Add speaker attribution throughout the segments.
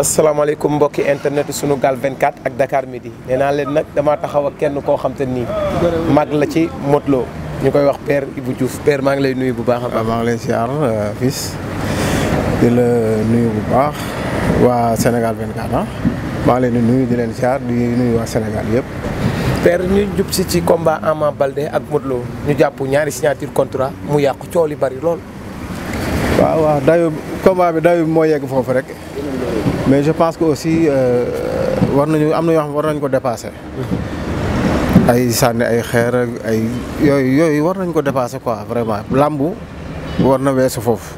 Speaker 1: asalaamaaleykum mbokki internet suñu gaal 24 ak dakaar midi nee naa leen nag damaa taxaw ak kenn koo xam te nii mag la ci Modou ñu koy wax père Ibou maa ngi lay nuyu bu baax a
Speaker 2: ah, maa ngi lay siyaar euh, fils di nuyu bu baax waa Sénégal 24 ah. ngi leen nuyu di leen siyaar di nuyu waa Sénégal yëpp. père
Speaker 1: ñu jub si ci combat Ama Baldé ak Modou ñu jàpp ñaari signature contrat mu yàqu coow li bari lool.
Speaker 2: waaw waaw dayu combat bi dayu moo yegg foofu rek. mais je pense que aussi euh, war nañu am na yoo xam war nañu ko dépassé. ay sànni ay xeer ay yooyu yooyu war nañ ko dépassé quoi vraiment làmbu war na weesu foofu.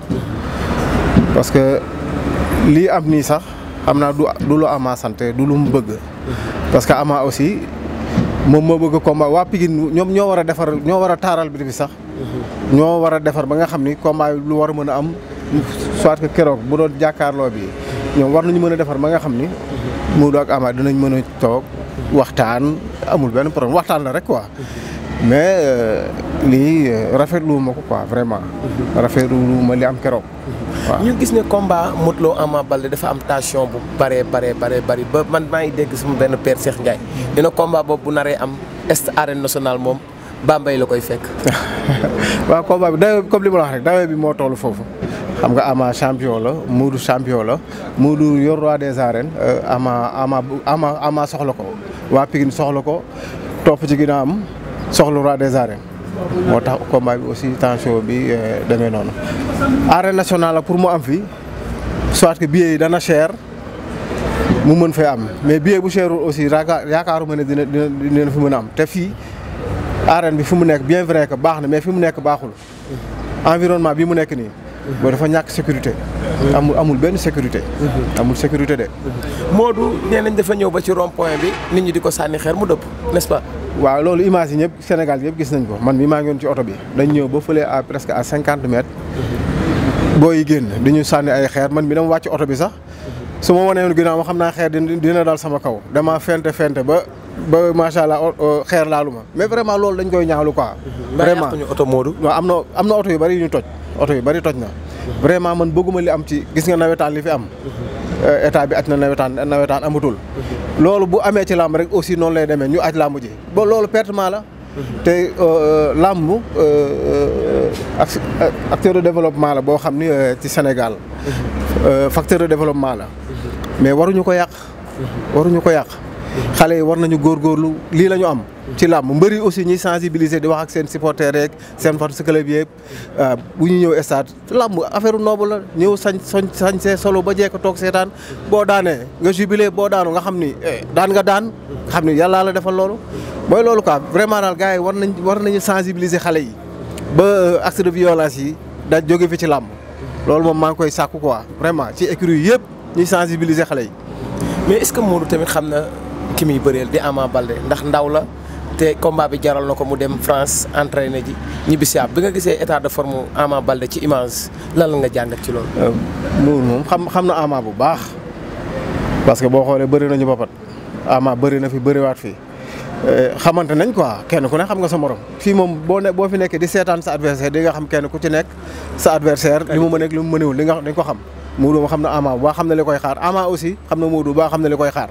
Speaker 2: parce que lii am nii sax am naa du du lu amaa sant du lu mu bëgg. parce que Ama aussi moom moo bëgg combat waa Pikine ñoom ñoo war a defar ñoo war a taaral bi bi sax. ñoo war a defar ba nga xam ni combat lu war a mën a am soit que keroog bu doon jàkkaarloo bii ñoom war nañu mën a defar ba nga xam ni. Modou ak amaa dinañ mën a toog waxtaan amul benn problème waxtaan la rek quoi. mais euh, lii euh, rafetlu ma ko quoi vraiment. rafetlu ma li am keroog. waaw ñu
Speaker 1: gis ne combat Modou Lo Ama Baldé dafa am tension bu bare bare bare bari ba man maa ngi dégg sama benn père Cheikh Ndiaye. dina combat boobu bu naree am est arène national moom. Bambey la koy fekk.
Speaker 2: waaw combat bi dayoo comme li ma la bi moo toll foofu xam nga Ama champion la Modou champion la Modou yor roi des arènes euh, Ama soxla ko waa Pikine soxla ko topp ci ginnaawam soxla roi des arènes moo tax combat bi aussi tension bi euh, demee noonu. arène nationale la pour mu am fi soit que billet yi dana cher. mu mën fee am mais billet bu cherul aussi yaakaaruma ne dina dina mën a am te fii arène bi fi mu nekk bien vrai que baax na mais fi mu nekk baaxul environnement bi mu nekk nii boo dafa ñàkk sécurité amul amul benn sécurité amul sécurité de
Speaker 1: Modou nee nañ dafa ñëw ba ci rond point bi nit ñi di ko sànni xeer mu dëpp n'est-ce
Speaker 2: waaw loolu image yi ñëpp Sénégal yëpp gis nañ ko man mi maa ngi ci oto bi dañ ñëw ba fële à presque à cinquante mètres boo yi génn di ñu sànni ay xeer man mi dama wàcc oto bi sax su ma wanee ginnaaw ma xam naa xeer dina dal sama kaw dama ba macha allah xeer laalu ma mais vraiment loolu dañ koy ñaawlu quoi. vraiment ñu oto Modou. waaw am na am na oto yu bari yu ñu toj oto yu bari toj na. vraiment man bëgguma li am ci gis nga nawetaan li fi am. Euh, état bi aj na nawetaan nawetaan amatul. loolu bu amee ci làmb rek aussi noonu lay demee ñu aj làmb ji ba loolu pertement la. te euh, làmb euh, acteur de développement la boo xam ni ci Sénégal. facteur de développement la. mais waruñu ko yàq. waruñu ko yàq. xale yi war nañu góor góorgóorlu lii la ñu am ci làmb mbëri aussi ñuy sensibiliser di wax ak seen supporter rek seen fans club yëpp euh, bu ñu ñëw stade làmb affaire noobu la ñëw sañ sañ sañ see solo ba jekk toog seetaan boo daanee nga jubilé boo daanu nga xam ni eh, daan nga daan nga xam ni yàllaa la defal loolu mooy loolu quoi vraiment daal gars yi war nañ war nañu sensibiliser xale yi ba euh, acte de violence yi da jóge fi ci làmb loolu moom maa ngi koy sàkku quoi vraiment ci écurie yëpp ñuy sensibiliser xale ki yi bëreel di Ama Baldé ndax ndaw la
Speaker 1: te combat bi jaral na ko mu dem France entraîné ji ñibbi si bi nga gisee état de forme Ama Baldé ci image lan la nga jàngat ci lool
Speaker 2: mu euh, moom xam xam na Ama bu baax parce que boo xoolee bëri nañu boppam Ama bëri na fi bëriwaat fii euh, xamante nañ quoi kenn ku ne xam nga boo ne boo fi nekkee di seetaan sa adversaire di nga xam kenn ku ci nekk sa adversaire li mu mën ak li mu mënewul li nga dañ xam na Ama bu baax xam na li koy xaar Ama aussi xam na Modou bu baax xam na li koy xaar.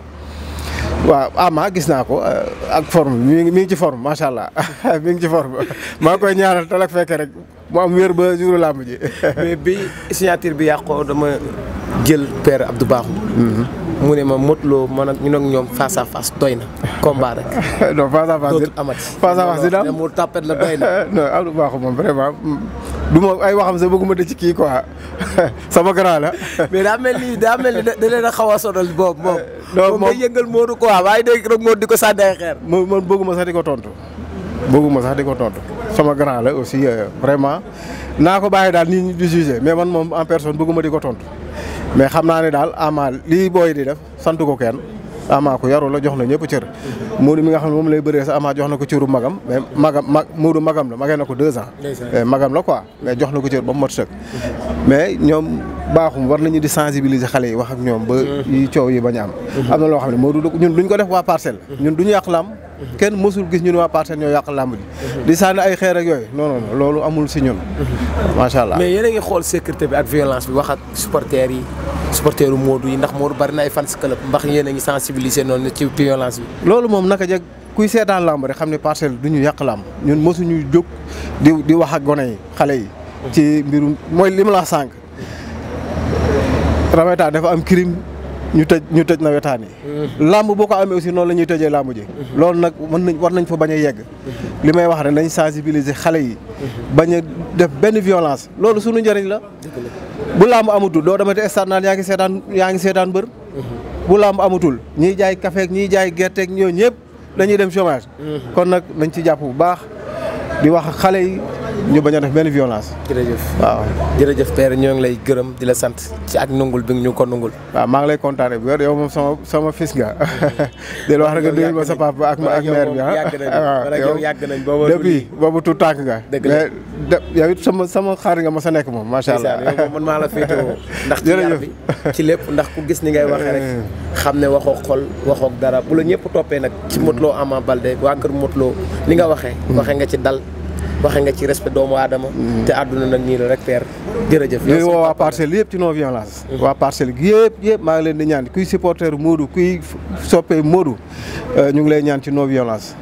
Speaker 2: waaw amaa ah, gis naa ko eh, ak forme mi ngi mi ngi ci forme macha allah mi ngi ci forme maa koy ñaanal tal ak fekkee rek mu am wér ba juru làmb ji. bi signature bi yàqoo dama jël père Abdou mhm.
Speaker 1: mu ne ma motloo man ak ñun ak ñoom face à face doy na. combat rek. non face à face dootul
Speaker 2: amati. face à face la doy na. moom vraiment du ma ay waxam sax bëgguma de ci kii quoi sama grand la. mais daa mel ni daa mel ni da leen a xaw a sonal boobu moom. loolu moom day yëngal Modou quoi waaye dégg rek moo di ko sànni ay xeer. man man bëgguma sax di ko tontu bëgguma sax di ko tontu sama grand la aussi euh, vraiment naa ko bàyyi daal nii ñi di jugé mais man moom en personne bëgguma di ko tontu mais xam naa ne daal Ama lii booy di def sant ko kenn. Ama ko yaru la jox na ñëpp cër Modou mi nga xam ne moom lay bëree sax Ama jox na ko cëru magam mais magam mag Modou magam na ko deux ans magam la ko mais jox na ko cër ba mu mat sëkk mais ñoom baaxum war na ñu di sensibiliser xale yi wax ak ñoom ba mm. yi coow yi ba a am am na loo xam ne Modou ñun duñ ko def waa parcelle mm. ñun duñu yàq lam kenn mësul gis ñun waa Parcelles ñoo yàq làmb ji di sànni ay xeer ak yooyu non loolu amul si ñun macha allah
Speaker 1: mais yéen a ngi xool sécurité bi ak violence bi wax ak supporters yi supporteru Modou yi ndax moo bari na ay fans club mbax yéen a ngi sensibiliser noonu ci violence bi
Speaker 2: loolu moom naka jeg kuy seetaan làmb rek xam ne Parcelles du ñu yàq làmb ñun mësuñu jóg di di wax ak gone yi xale yi ci mbirum mooy li ma la sànq dafa am crime ñu tëj ñu tëj nawetaan yi. Mm-hmm. làmb boo ko amee aussi noonu la ñuy tëjee làmb ji. Mm-hmm. loolu nag mën nañ war nañ fa bañ a yegg. Mm-hmm. li may wax rek nañ sensibiliser xale yi. bañ a def benn violence loolu suñu njariñ la. bu làmb amatul doo demati stade naan yaa ngi seetaan yaa ngi seetaan mbër. bu làmb amatul ñiy jaay café ñii jaay gerte ak ñooñu ñëpp dañuy dem chômage. kon nag nañ ci jàpp bu baax di wax xale yi. ñu bañ a def benn violence. jërëjëf waaw jërëjëf père ñoo ngi lay gërëm di la sant ci ak nungul bi ñu ko nungul. waaw maa ngi lay kontaane bu wér yow moom sama sama fils nga. di wax rek nga déglu ma sa papa ak ak yow ah. yàgg nañ boobu depuis boobu tout tànk nga. dëgg la mais yow it sama sama xaar nga ma sa nekk moom macha allah. yow man maa la féetewoo. ndax ci yar bi ci lépp ndax ku gis ni ngay waxee rek. Eh.
Speaker 1: xam ne waxoo xol waxoo dara bu la ñëpp toppee nag. ci Modou Lo Ama Baldé waa kër Modou ni nga waxee. Hmm. waxee nga ci dal waxe nga ci respect doomu aadama. Mm-hmm. te àdduna nag nii la rek
Speaker 2: père jërëjëf. yow woo waa parcelle yëpp ci non violence. Mm-hmm. waa parcelle yëpp maa ngi leen di ñaan kuy supporter Modou kuy soppee Modou euh, ñu ngi lay ñaan ci non violence.